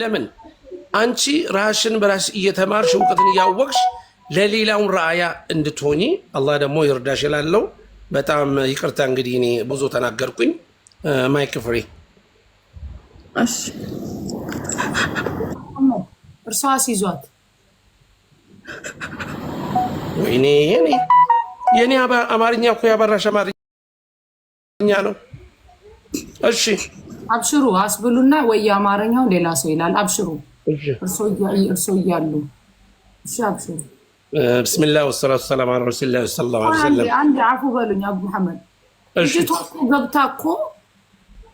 ለምን አንቺ ራሽን በራስ እየተማርሽ እውቀትን እያወቅሽ ለሌላውን ረአያ እንድትሆኚ አላህ ደግሞ ይርዳሽ እላለሁ። በጣም ይቅርታ እንግዲህ እኔ ብዙ ተናገርኩኝ። ማይክ ፍሪ እርሷ ሲዟት ወይኔ የኔ አማርኛ እኮ ያበራሽ አማርኛ ነው። እሺ አብሽሩ አስብሉና ወይ የአማርኛው ሌላ ሰው ይላል። አብሽሩ እርሶ እያሉ አብሽሩ ብስሚላ ወሰላቱ ሰላም አላ ረሱላ ስላ አንድ አፉ በሉኝ። አቡ መሐመድ እጅቶ ገብታ እኮ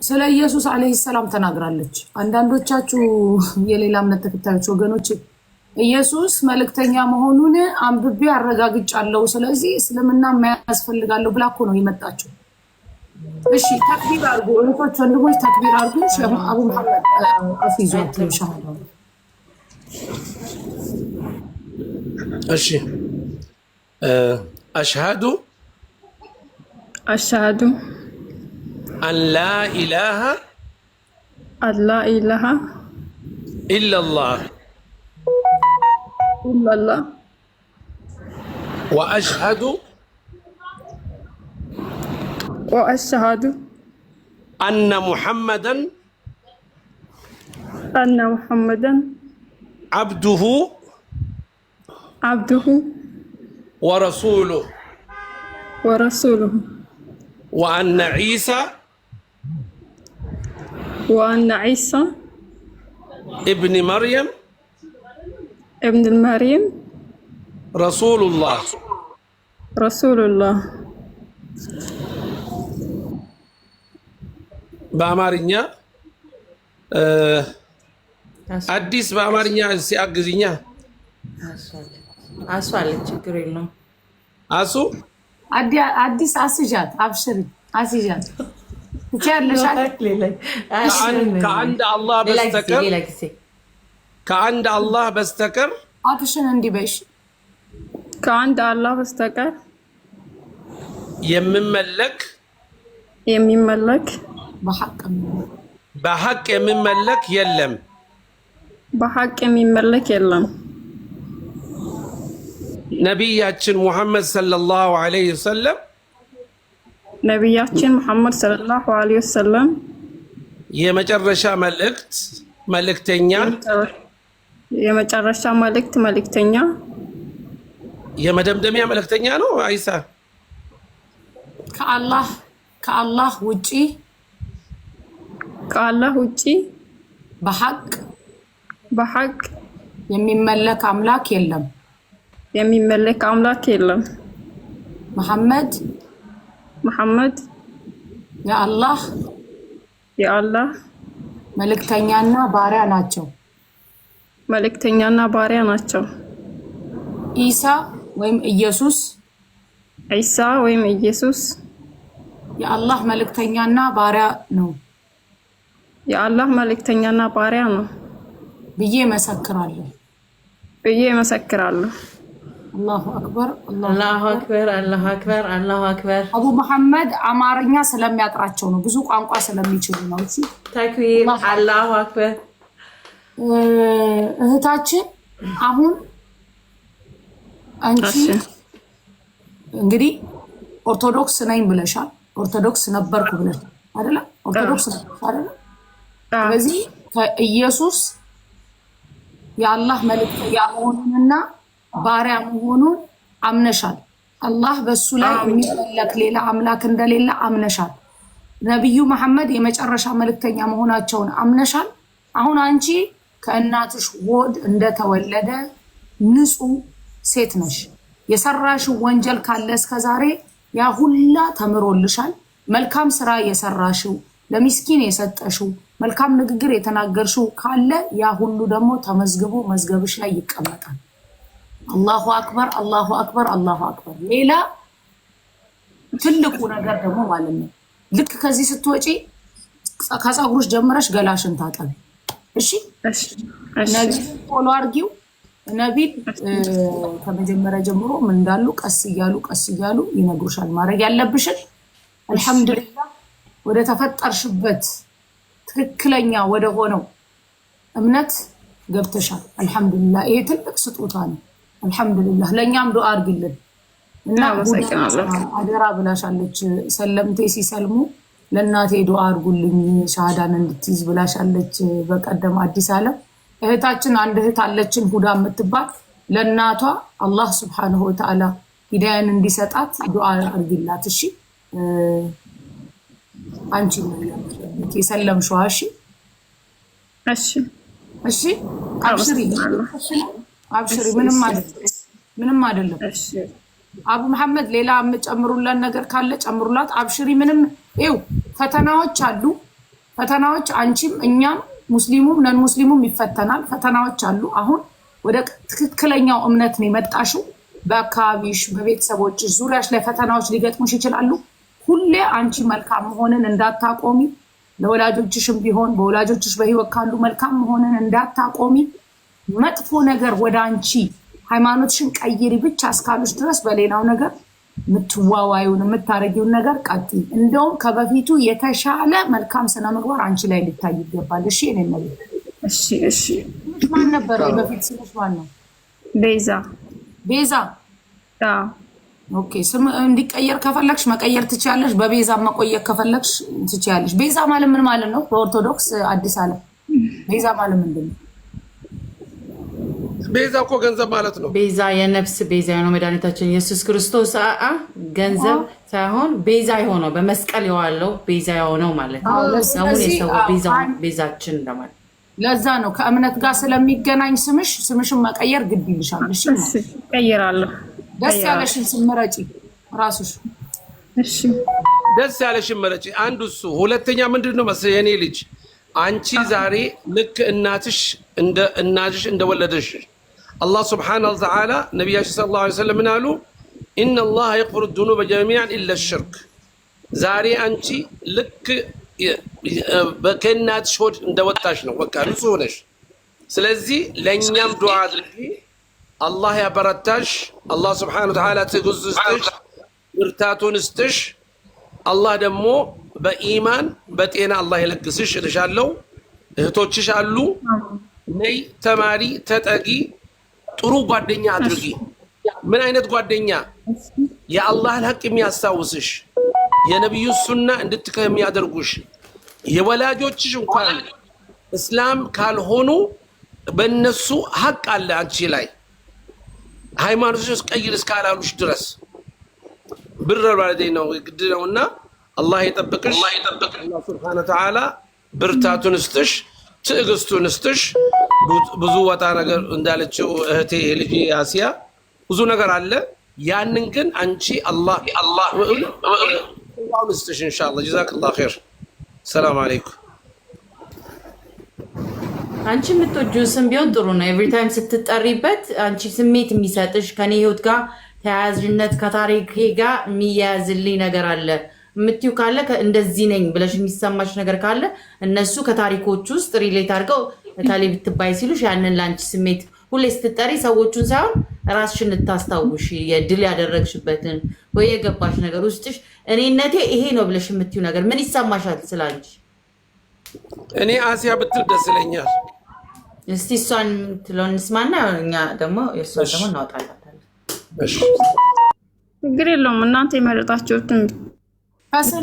ስለ ኢየሱስ አለይሂ ሰላም ተናግራለች። አንዳንዶቻችሁ የሌላ እምነት ተከታዮች ወገኖች ኢየሱስ መልእክተኛ መሆኑን አንብቤ አረጋግጫለሁ፣ ስለዚህ እስልምና የማያስፈልጋለሁ ብላ እኮ ነው የመጣችው። እሺ ተክቢር አርጉ እህቶች፣ ወንድሞች ተክቢር አርጉ። አቡ መሐመድ አፍ ይዟት ሻሃዳ። እሺ አሽሃዱ አሽሃዱ አን ላ ኢላሃ አን ላ ኢላሃ ኢላላህ ኢላላህ ወአሽሃዱ والشهادة أن محمدا أن محمدا عبده عبده ورسوله ورسوله وأن عيسى وأن عيسى ابن مريم ابن مريم رسول الله رسول الله በአማርኛ አዲስ በአማርኛ ሲያግዝኛ አሱ አለ። ችግር የለውም አሱ አዲስ አስዣት አብሽሪ አስዣት ከአንድ አላህ በስተቀር ከአንድ አላህ በስተቀር አትሽን እንዲበሽ ከአንድ አላህ በስተቀር የሚመለክ የሚመለክ በሀቅ የሚመለክ የለም። በሀቅ የሚመለክ የለም። ነቢያችን ሙሐመድ ሰለላሁ ዐለይሂ ወሰለም ነቢያችን ሙሐመድ ሰለላሁ ዐለይሂ ወሰለም የመጨረሻ መልእክት መልእክተኛ የመጨረሻ መልእክት መልእክተኛ የመደምደሚያ መልእክተኛ ነው። አይሳ ከአላህ ከአላህ ውጪ ከአላህ ውጪ በሐቅ በሐቅ የሚመለክ አምላክ የለም የሚመለክ አምላክ የለም። መሐመድ መሐመድ የአላህ የአላህ መልእክተኛና ባሪያ ናቸው። መልእክተኛና ባሪያ ናቸው። ኢሳ ወይም ኢየሱስ ኢሳ ወይም ኢየሱስ የአላህ መልእክተኛና ባሪያ ነው። የአላህ መልእክተኛና ባሪያ ነው ብዬ መሰክራለሁ ብዬ መሰክራለሁ። አላሁ አክበር አላሁ አክበር አላሁ አክበር አላሁ አክበር። አቡ መሐመድ አማርኛ ስለሚያጥራቸው ነው፣ ብዙ ቋንቋ ስለሚችሉ ነው። እሺ ተክቢር፣ አላሁ አክበር። እህታችን አሁን አንቺ እንግዲህ ኦርቶዶክስ ነኝ ብለሻል፣ ኦርቶዶክስ ነበርኩ ብለሻል አይደለ? ኦርቶዶክስ አይደለ? ስለዚህ ከኢየሱስ የአላህ መልእክተኛ መሆኑንና ባሪያ መሆኑን አምነሻል። አላህ በሱ ላይ የሚፈለግ ሌላ አምላክ እንደሌለ አምነሻል። ነቢዩ መሐመድ የመጨረሻ መልእክተኛ መሆናቸውን አምነሻል። አሁን አንቺ ከእናትሽ ወድ እንደተወለደ ንጹህ ሴት ነሽ። የሰራሽው ወንጀል ካለ እስከዛሬ ያ ሁላ ተምሮልሻል። መልካም ስራ የሰራሽው፣ ለሚስኪን የሰጠሽው መልካም ንግግር የተናገርሽው ካለ ያ ሁሉ ደግሞ ተመዝግቦ መዝገብሽ ላይ ይቀመጣል። አላሁ አክበር፣ አላሁ አክበር፣ አላሁ አክበር። ሌላ ትልቁ ነገር ደግሞ ማለት ነው ልክ ከዚህ ስትወጪ ከፀጉሮች ጀምረሽ ገላሽን ታጠቢ። እሺ ነቢል ፎሎ አርጊው። ነቢል ከመጀመሪያ ጀምሮ ምን እንዳሉ ቀስ እያሉ ቀስ እያሉ ይነግሩሻል። ማድረግ ያለብሽን አልሐምዱሊላ ወደ ተፈጠርሽበት ትክክለኛ ወደ ሆነው እምነት ገብተሻል። አልሐምዱሊላ ይሄ ትልቅ ስጦታ ነው። አልሐምዱሊላ ለእኛም ዱዓ አድርግልን እና አደራ ብላሻለች። ሰለምቴ ሲሰልሙ ለእናቴ ዱአ አድርጉልኝ ሻሃዳን እንድትይዝ ብላሻለች። በቀደም አዲስ አለም እህታችን አንድ እህት አለችን ሁዳ የምትባል ለእናቷ አላህ ስብሓንሁ ወተዓላ ሂዳያን እንዲሰጣት ዱዓ አድርጊላት እሺ። አንቺ ነው ያለበት እሺ እሺ እሺ፣ አብሽሪ አብሽሪ፣ ምንም አይደለም፣ ምንም አይደለም። አቡ መሐመድ ሌላ የምጨምሩላት ነገር ካለ ጨምሩላት። አብሽሪ፣ ምንም ይው ፈተናዎች አሉ። ፈተናዎች አንቺም እኛም ሙስሊሙም ነን ሙስሊሙም ይፈተናል። ፈተናዎች አሉ። አሁን ወደ ትክክለኛው እምነት ነው የመጣሽው። በአካባቢሽ በቤተሰቦችሽ ዙሪያሽ ላይ ፈተናዎች ሊገጥሙሽ ይችላሉ። ሁሌ አንቺ መልካም መሆንን እንዳታቆሚ፣ ለወላጆችሽም ቢሆን በወላጆችሽ በህይወት ካሉ መልካም መሆንን እንዳታቆሚ። መጥፎ ነገር ወደ አንቺ ሃይማኖትሽን ቀይሪ ብቻ እስካሉች ድረስ በሌላው ነገር የምትዋዋዩን የምታረጊውን ነገር ቀጥይ። እንደውም ከበፊቱ የተሻለ መልካም ስነ ምግባር አንቺ ላይ ሊታይ ይገባል። እሺ እኔ መ ማን ነበር በፊት ስልሽ? ማን ነው? ቤዛ ቤዛ ኦኬ ስም እንዲቀየር ከፈለግሽ መቀየር ትችያለሽ። በቤዛ መቆየት ከፈለግሽ ትችያለሽ። ቤዛ ማለት ምን ማለት ነው? በኦርቶዶክስ አዲስ ዓለም ቤዛ ማለት ምንድን ነው? ቤዛ እኮ ገንዘብ ማለት ነው። ቤዛ የነፍስ ቤዛ የሆነው መድኃኒታችን ኢየሱስ ክርስቶስ አአ ገንዘብ ሳይሆን ቤዛ የሆነው በመስቀል የዋለው ቤዛ የሆነው ማለት ነው። ሰውን ቤዛችን ለማለት ለዛ ነው። ከእምነት ጋር ስለሚገናኝ ስምሽ ስምሽን መቀየር ግድ ይልሻል። እሺ እቀይራለሁ ደስ ያለሽን ስመረጪ ራሱሽ እሺ፣ ደስ ያለሽን መረጪ። አንዱ እሱ። ሁለተኛ ምንድን ነው መሰለኝ የኔ ልጅ አንቺ ዛሬ ልክ እናትሽ እንደ እናትሽ እንደወለደሽ አላህ ስብሐነሁ ወተዓላ ነቢያችን ሰለላሁ ዐለይሂ ወሰለም ምን አሉ? ኢነ አላህ የግፊሩ ዙኑበ ጀሚዐን ኢለ ሽርክ። ዛሬ አንቺ ልክ ከእናትሽ ሆድ እንደወጣሽ ነው። በቃ ንጹህ ነሽ። ስለዚህ ለእኛም ዱዓ አድርጊ አላህ ያበረታሽ። አላህ ስብሓነ ወተዓላ ትዕግስት ስጥሽ፣ ብርታቱን ስጥሽ። አላህ ደግሞ በኢማን በጤና አላህ የለግስሽ እልሻለሁ። እህቶችሽ አሉ፣ ነይ ተማሪ፣ ተጠጊ፣ ጥሩ ጓደኛ አድርጊ። ምን አይነት ጓደኛ? የአላህን ሀቅ የሚያስታውስሽ የነቢዩ ሱና እንድትከ የሚያደርጉሽ የወላጆችሽ እንኳን እስላም ካልሆኑ በእነሱ ሀቅ አለ አንቺ ላይ ሃይማኖቶች ውስጥ ቀይር እስካላሉሽ ድረስ ብር ማለት ነው ግድ ነው እና አላህ የጠብቅሽ። አላህ ስብሐነ ተዓላ ብርታቱን እስጥሽ፣ ትዕግስቱን እስጥሽ። ብዙ ወጣ ነገር እንዳለችው እህቴ ልጅ አሲያ ብዙ ነገር አለ። ያንን ግን አንቺ አላህ አላህ እስጥሽ። ኢንሻአላህ ጀዛከላሁ ኸይር። ሰላም አለይኩም አንቺ የምትወጁ ስም ቢሆን ጥሩ ነው። ኤቭሪ ታይም ስትጠሪበት አንቺ ስሜት የሚሰጥሽ ከኔ ህይወት ጋር ተያያዥነት ከታሪክ ጋር የሚያያዝልኝ ነገር አለ የምትዩ ካለ እንደዚህ ነኝ ብለሽ የሚሰማሽ ነገር ካለ እነሱ ከታሪኮች ውስጥ ሪሌት አድርገው እታሌ ብትባይ ሲሉሽ ያንን ለአንቺ ስሜት ሁሌ ስትጠሪ ሰዎቹን ሳይሆን ራስሽን እንታስታውሽ የድል ያደረግሽበትን ወይ የገባሽ ነገር ውስጥሽ እኔነቴ ይሄ ነው ብለሽ የምትዩ ነገር ምን ይሰማሻል ስላንቺ? እኔ አሲያ ብትል ደስ ይለኛል። እስቲ እሷን የምትለውን እንስማና እኛ ደግሞ የእሷን ደግሞ እናወጣላታለን። ችግር የለውም። እናንተ የመረጣችሁትን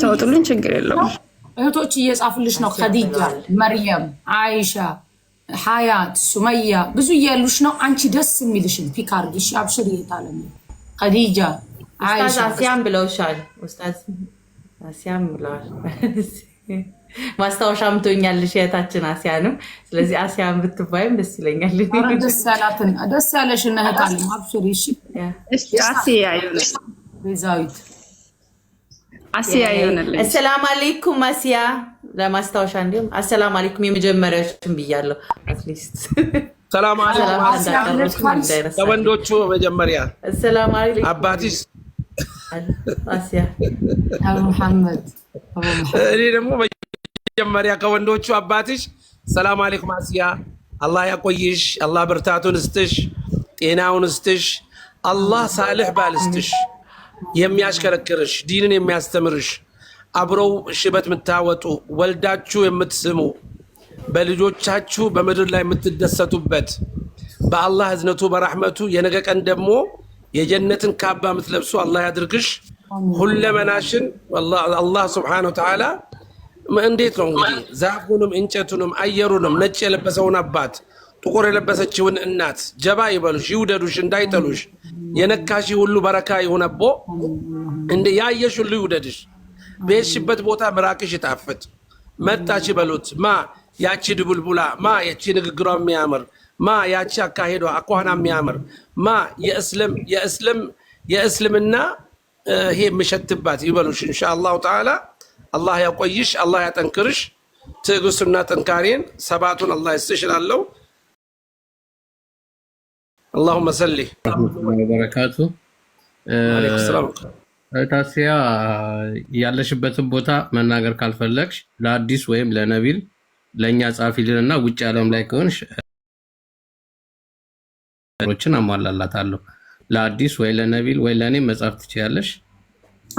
ታወጡልን፣ ችግር የለውም። እህቶች እየጻፉልሽ ነው። ከዲጃ፣ መርየም፣ አይሻ፣ ሀያት፣ ሱመያ ብዙ እያሉሽ ነው። አንቺ ደስ የሚልሽን ፒክ አድርጊሽ፣ አብሽር። ይሄታለ ከዲጃ፣ አሲያም ብለውሻል። ስታዝ አሲያም ብለዋል። ማስታወሻ ምቶኛለሽ እህታችን አስያንም። ስለዚህ አስያን ብትባይም ደስ ይለኛል። ደስ ያለሽ እህታለ አብሽሪ። ቤዛዊት አስያ ይሆንልኝ። አሰላም አለይኩም አስያ፣ ለማስታወሻ እንዲሁም አሰላም አለይኩም የመጀመሪያዎችን ብያለሁ። አትሊስት ሰላም አለይኩም ለወንዶቹ መጀመሪያ አባቲስ እኔ ደግሞ መጀመሪያ ከወንዶቹ አባትሽ ሰላም አሌኩም አስያ፣ አላህ ያቆይሽ፣ አላህ ብርታቱን እስትሽ፣ ጤናውን እስትሽ፣ አላህ ሳልሕ ባል እስትሽ፣ የሚያሽከረክርሽ ዲንን የሚያስተምርሽ አብረው ሽበት የምታወጡ ወልዳችሁ የምትስሙ በልጆቻችሁ በምድር ላይ የምትደሰቱበት በአላህ እዝነቱ በራሕመቱ የነገ ቀን ደግሞ የጀነትን ካባ የምትለብሱ አላህ ያድርግሽ። ሁለመናሽን አላህ ስብሓነሁ ወተዓላ እንዴት ነው እንግዲህ ዛፉንም እንጨቱንም አየሩንም ነጭ የለበሰውን አባት ጥቁር የለበሰችውን እናት ጀባ ይበሉሽ፣ ይውደዱሽ፣ እንዳይጠሉሽ። የነካሽ ሁሉ በረካ ይሁነቦ። እንደ ያየሽ ሁሉ ይውደድሽ። በሄድሽበት ቦታ ምራቅሽ ይጣፍጥ። መጣች ይበሉት። ማ ያቺ ድቡልቡላ፣ ማ ያቺ ንግግሯ የሚያምር ማ ያቺ አካሄዷ አኳኋና የሚያምር ማ የእስልምና ይሄ የምሸትባት ይበሉሽ። እንሻ አላሁ ተዓላ አላህ ያቆይሽ፣ አላህ ያጠንክርሽ። ትዕግስቱና ጥንካሬን ሰባቱን አላህ ይስጥሽ እላለሁ። አላሁመ ሰሊ በረካቱ ታሲያ ያለሽበትን ቦታ መናገር ካልፈለግሽ ለአዲስ ወይም ለነቢል ለእኛ ጻፊልን እና ውጭ ዓለም ላይ ከሆንሽ ነገሮችን አሟላላታለሁ። ለአዲስ ወይ ለነቢል ወይ ለእኔ መጽሐፍ ትችያለሽ።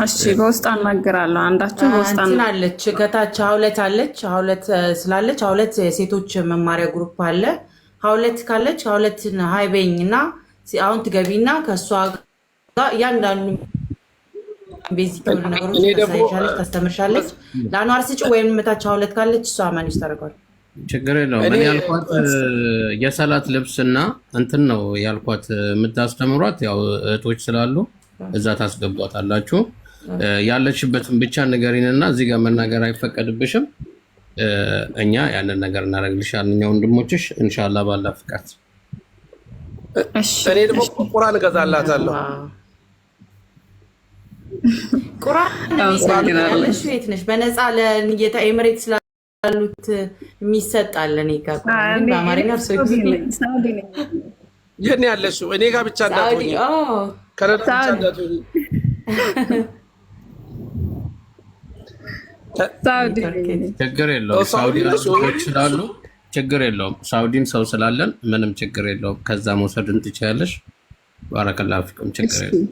እሺ፣ በውስጥ አናግራለሁ። አንዳችን በውስጥ አለች። ከታች ሀውለት አለች። ሀውለት ስላለች ሀውለት የሴቶች መማሪያ ግሩፕ አለ። ሀውለት ካለች ሀውለትን ሀይበኝ እና አሁን ትገቢና ከእሷ ጋር እያንዳንዱ ቤዚክ ነገሮች ታስተምርሻለች። ለአኗር ስጭ ወይም መታች ሀውለት ካለች እሷ ማኔጅ ታደርገዋል። ችግር የለውም። እኔ ያልኳት የሰላት ልብስና እንትን ነው ያልኳት። የምታስተምሯት ያው እህቶች ስላሉ እዛ ታስገቧታላችሁ። ያለችበትን ብቻ ንገሪንና እዚህ ጋር መናገር አይፈቀድብሽም። እኛ ያንን ነገር እናደርግልሻል። እኛ ወንድሞችሽ እንሻላ ባላ ፍቃት። እኔ ደግሞ ቁርአን እገዛላታለሁ። ነሽ በነፃ ለጌታ ኤምሬት ስላ ያሉት የሚሰጣል እኔ ጋር በአማርኛ ሰው እኔ ጋ ብቻ እንዳትሆኝ፣ ብቻ እንዳትሆኝ። ችግር የለውም። ሳውዲ ስላሉ ችግር የለውም። ሰው ስላለን ምንም ችግር የለውም። ከዛ መውሰድ እንትችያለሽ። ባረከላሁ ችግር የለውም።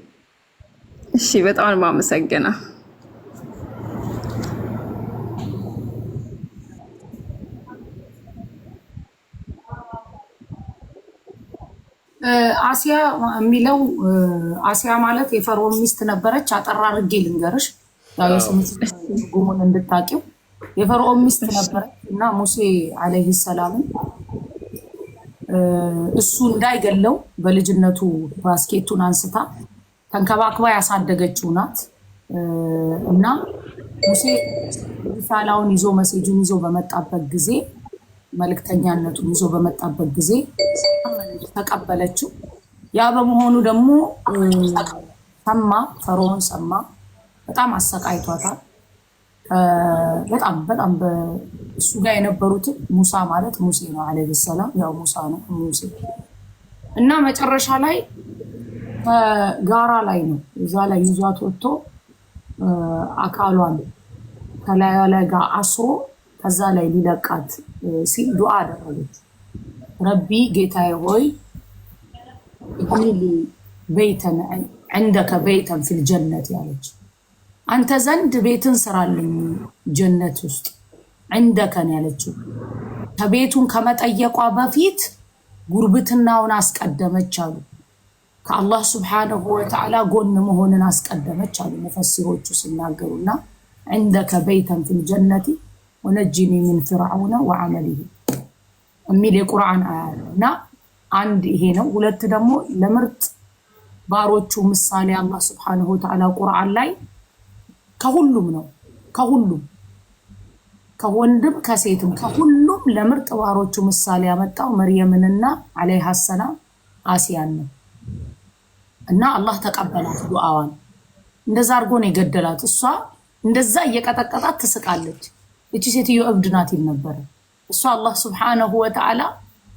እሺ፣ በጣም ነው አሲያ የሚለው አሲያ ማለት የፈርዖን ሚስት ነበረች። አጠራ አድርጌ ልንገርሽ ጉሙን እንድታቂው የፈርዖን ሚስት ነበረች እና ሙሴ አለይሂ ሰላምን እሱ እንዳይገለው በልጅነቱ ባስኬቱን አንስታ ተንከባክባ ያሳደገችው ናት እና ሙሴ ሪሳላውን ይዞ መሴጁን ይዞ በመጣበት ጊዜ መልእክተኛነቱን ይዞ በመጣበት ጊዜ ተቀበለችው። ያ በመሆኑ ደግሞ ሰማ፣ ፈርዖን ሰማ። በጣም አሰቃይቷታል። በጣም በጣም እሱ ጋር የነበሩትን ሙሳ ማለት ሙሴ ነው አለ ሰላም፣ ያው ሙሳ ነው ሙሴ እና መጨረሻ ላይ ጋራ ላይ ነው እዛ ላይ ይዟት ወጥቶ አካሏን ከላዩ ላይ ጋር አስሮ ከዛ ላይ ሊለቃት ሲል ዱዓ አደረገች። ረቢ ጌታዬ ሆይ ሊ ቤተን ዕንደከ ቤተን ፊል ጀነት ያለች አንተ ዘንድ ቤትን ስራልኝ ጀነት ውስጥ ዕንደከን ያለችው ከቤቱን ከመጠየቋ በፊት ጉርብትናውን አስቀደመች አሉ። ከአላህ ስብሓነሁ ወተዓላ ጎን መሆንን አስቀደመች አሉ። መፈሲሮቹ ሲናገሩና ዕንደከ ቤተን ፊል ጀነቴ ወነጂኒ ሚን ፍርዐውነ ወዐመሊሂ የሚል የቁርአን አያለው እና አንድ ይሄ ነው። ሁለት ደግሞ ለምርጥ ባሮቹ ምሳሌ አላህ ስብሓንሁ ወተዓላ ቁርአን ላይ ከሁሉም ነው ከሁሉም ከወንድም ከሴትም ከሁሉም ለምርጥ ባሮቹ ምሳሌ ያመጣው መርየምንና ዓለይሃ ሰላም አሲያን ነው እና አላህ ተቀበላት ዱዓዋን። እንደዛ አድርጎ ነው የገደላት። እሷ እንደዛ እየቀጠቀጣት ትስቃለች። እቺ ሴትዮ እብድ ናት ይል ነበረ። እሷ አላህ ስብሓነሁ ወተዓላ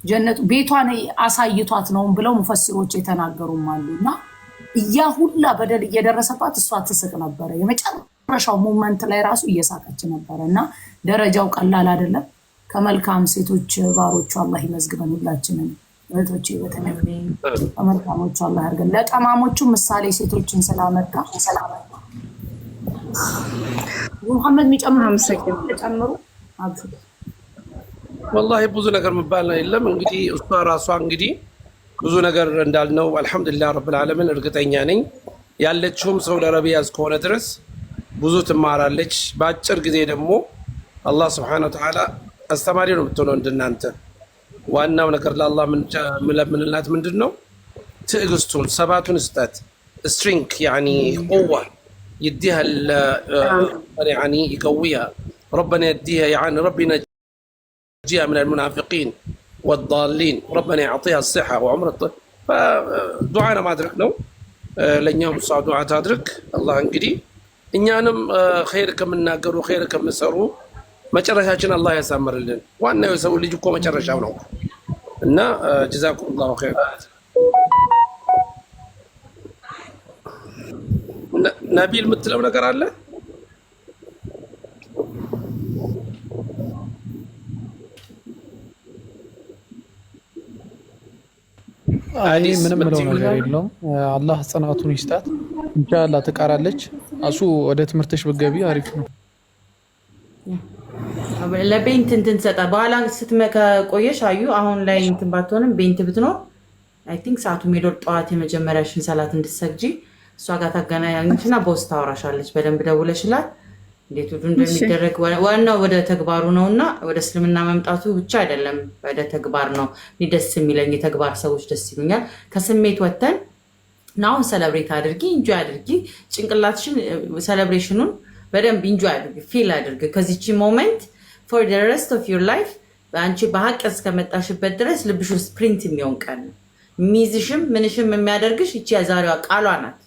ጀነቱ ቤቷን አሳይቷት ነውም ብለው ሙፈሲሮች የተናገሩም አሉ። እና እያ ሁላ በደል እየደረሰባት እሷ ትስቅ ነበረ። የመጨረሻው ሞመንት ላይ ራሱ እየሳቀች ነበረ። እና ደረጃው ቀላል አይደለም። ከመልካም ሴቶች ባሮቹ አላህ ይመዝግበን ሁላችንን። እህቶቼ በተለይ ከመልካሞቹ አላህ ያርገን። ለጠማሞቹ ምሳሌ ሴቶችን ስላመጣ ሙሐመድ ተጨምሩ ጨምሩ ወላሂ ብዙ ነገር የሚባል የለም። እንግዲህ እሷ ራሷ እንግዲህ ብዙ ነገር እንዳልነው አልሐምዱሊላህ ረብል ዓለምን እርግጠኛ ነኝ ያለችውም ሳውዲ አረቢያ እስከሆነ ድረስ ብዙ ትማራለች። በአጭር ጊዜ ደግሞ አላህ ስብሐነሁ ወተዓላ አስተማሪ ነው የምትሆነው እንደናንተ። ዋናው ነገር ለአላህ ምንለምንላት ምንድን ነው? ትዕግስቱን ሰባቱን ስጣት ስትሪንግ ያኒ ቁዋ يديها نعم. آه، يعني يقويها ربنا يديها يعني ربنا يجيها من المنافقين والضالين ربنا يعطيها الصحه وعمر الطيب فدعانا ما ادرك نو آه، لنيوم صعود دعاء ادرك الله انقدي ان يانم آه، خيرك من ناقر وخيرك من سرو ما ترشاشنا الله يسامر لنا وانا يسوي اللي جوكو ما ترشاو نو جزاكم الله خير ነቢል የምትለው ነገር አለ። አይ ምንም ምለው ነገር የለውም። አላህ ጽናቱን ይስጣት። ኢንሻላህ ትቀራለች። አሱ ወደ ትምህርትሽ ብገቢ አሪፍ ነው። ለቤንት እንትን ሰጣ በኋላ ስትመከ አዩ አሁን ላይ እንትን ባትሆንም ቤንት ብትኖር አይ ቲንክ ሰዓቱ ሜዶር ጠዋት የመጀመሪያሽን ሰላት እንድትሰግጂ እሷ ጋር ታገናኛለች እና ቦስ ታወራሻለች። በደንብ ደውለሽላት እንዴት ሁሉ እንደሚደረግ ዋናው ወደ ተግባሩ ነው እና ወደ እስልምና መምጣቱ ብቻ አይደለም፣ ወደ ተግባር ነው። እኔ ደስ የሚለኝ የተግባር ሰዎች ደስ ይሉኛል። ከስሜት ወተን ናሁን ሰለብሬት አድርጊ፣ እንጆ አድርጊ፣ ጭንቅላትሽን ሰለብሬሽኑን በደንብ እንጆ አድርጊ፣ ፊል አድርግ ከዚቺ ሞመንት ፎር ደ ረስት ኦፍ ዩር ላይፍ አንቺ በሀቅ እስከመጣሽበት ድረስ ልብሽ ውስጥ ፕሪንት የሚሆን ቀን ነው። ሚይዝሽም ምንሽም የሚያደርግሽ ይቺ የዛሬዋ ቃሏ ናት።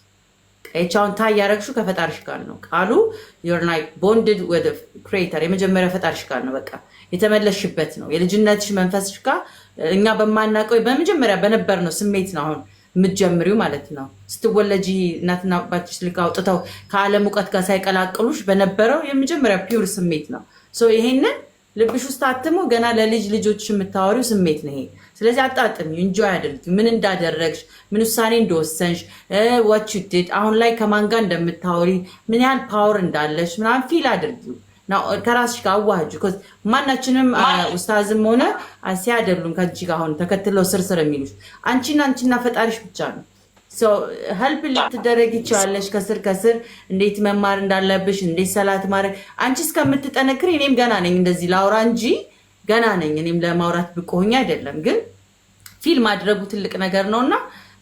ቻውን ታይ ያደረግሽው ከፈጣሪሽ ጋር ነው። ቃሉ ዮርና ቦንድድ ወደ ክሬተር የመጀመሪያ ፈጣሪሽ ጋር ነው። በቃ የተመለሽበት ነው። የልጅነትሽ መንፈስሽ ጋር እኛ በማናውቀው በመጀመሪያ በነበር ነው ስሜት ነው አሁን የምትጀምሪው ማለት ነው። ስትወለጂ እናትና አባትሽ አውጥተው ከዓለም እውቀት ጋር ሳይቀላቅሉሽ በነበረው የመጀመሪያ ፒውር ስሜት ነው። ይሄንን ልብሽ ውስጥ አትሞ ገና ለልጅ ልጆች የምታወሪው ስሜት ነው ይሄ ስለዚህ አጣጥሚ፣ እንጆ አድርጊ። ምን እንዳደረግሽ፣ ምን ውሳኔ እንደወሰንሽ፣ ዋች ዩዲድ አሁን ላይ ከማን ጋር እንደምታወሪ፣ ምን ያህል ፓወር እንዳለሽ ምናምን ፊል አድርጊ ከራስሽ ጋር አዋህጁ። ማናችንም ውስታዝም ሆነ አሲ አይደሉም ከአንቺ ጋር አሁን ተከትለው ስርስር የሚሉሽ አንቺና አንቺና ፈጣሪሽ ብቻ ነው። ሀልፕ ልትደረግ ይችላለሽ። ከስር ከስር እንዴት መማር እንዳለብሽ እንዴት ሰላት ማድረግ አንቺ እስከምትጠነክር እኔም ገና ነኝ እንደዚህ ላውራ እንጂ ገና ነኝ። እኔም ለማውራት ብቁ ሆኜ አይደለም፣ ግን ፊል ማድረጉ ትልቅ ነገር ነው እና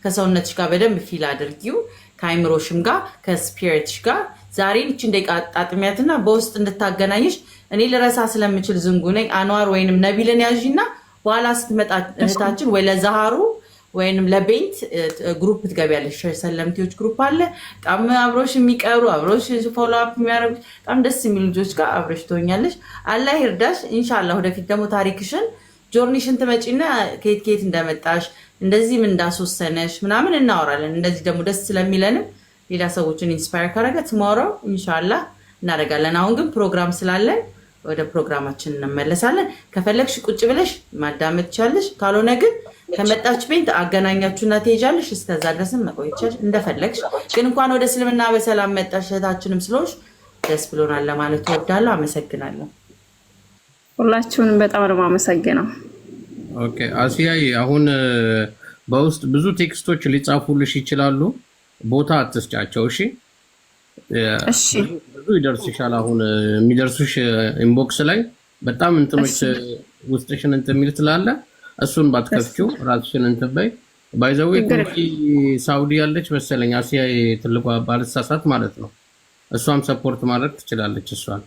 ከሰውነትሽ ጋር በደንብ ፊል አድርጊው፣ ከአይምሮሽም ጋር ከስፒሪትሽ ጋር ዛሬን እች እንደ ጣጥሚያትና በውስጥ እንድታገናኝሽ። እኔ ልረሳ ስለምችል ዝንጉ ነኝ። አንዋር ወይንም ነቢልን ያዥና በኋላ ስትመጣ እህታችን ወይ ለዛሃሩ ወይንም ለቤንት ግሩፕ ትገቢያለሽ። ሰለምቴዎች ግሩፕ አለ። በጣም አብሮሽ የሚቀሩ አብሮሽ ፎሎ አፕ የሚያደርጉ በጣም ደስ የሚሉ ልጆች ጋር አብረሽ ትሆኛለሽ። አላህ ይርዳሽ። እንሻላ ወደፊት ደግሞ ታሪክሽን ጆርኒሽን ትመጪና ከየት ከየት እንደመጣሽ እንደዚህም እንዳስወሰነሽ ምናምን እናወራለን። እንደዚህ ደግሞ ደስ ስለሚለንም ሌላ ሰዎችን ኢንስፓየር ካረገ ትሞሮ እንሻላ እናደርጋለን። አሁን ግን ፕሮግራም ስላለን ወደ ፕሮግራማችን እንመለሳለን። ከፈለግሽ ቁጭ ብለሽ ማዳመጥ ትቻለሽ። ካልሆነ ግን ከመጣች ቤት አገናኛችሁና ትሄጃለሽ። እስከዛ ድረስም መቆየት ትቻለሽ እንደፈለግሽ። ግን እንኳን ወደ እስልምና በሰላም መጣሽ። እህታችንም ስለሆንሽ ደስ ብሎናል ለማለት እወዳለሁ። አመሰግናለሁ። ሁላችሁንም በጣም ነው የማመሰግነው። ኦኬ አሲያይ፣ አሁን በውስጥ ብዙ ቴክስቶች ሊጻፉልሽ ይችላሉ። ቦታ አትስጫቸው። እሺ ይደርስሻል። አሁን የሚደርሱሽ ኢንቦክስ ላይ በጣም እንትኖች ውስጥሽን እንትን የሚል ስላለ እሱን ባትከፍችው ራስሽን እንትን በይ። ባይዘዊ ቱርኪ ሳውዲ ያለች መሰለኝ አሲያ ትልቋ ባልሳሳት ማለት ነው። እሷም ሰፖርት ማድረግ ትችላለች። እሷን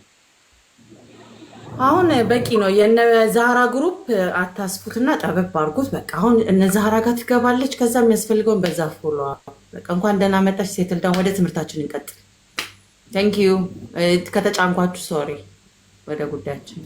አሁን በቂ ነው። የነ ዛህራ ግሩፕ አታስፉትና ጠበብ አድርጉት። በቃ አሁን እነ ዛህራ ጋር ትገባለች። ከዛ የሚያስፈልገውን በዛ ፎሎ እንኳን ደህና መጣች ሴትል ወደ ትምህርታችን እንቀጥል። ቴንክ ዩ eh, ከተጫንኳችሁ ሶሪ። ወደ ጉዳያችን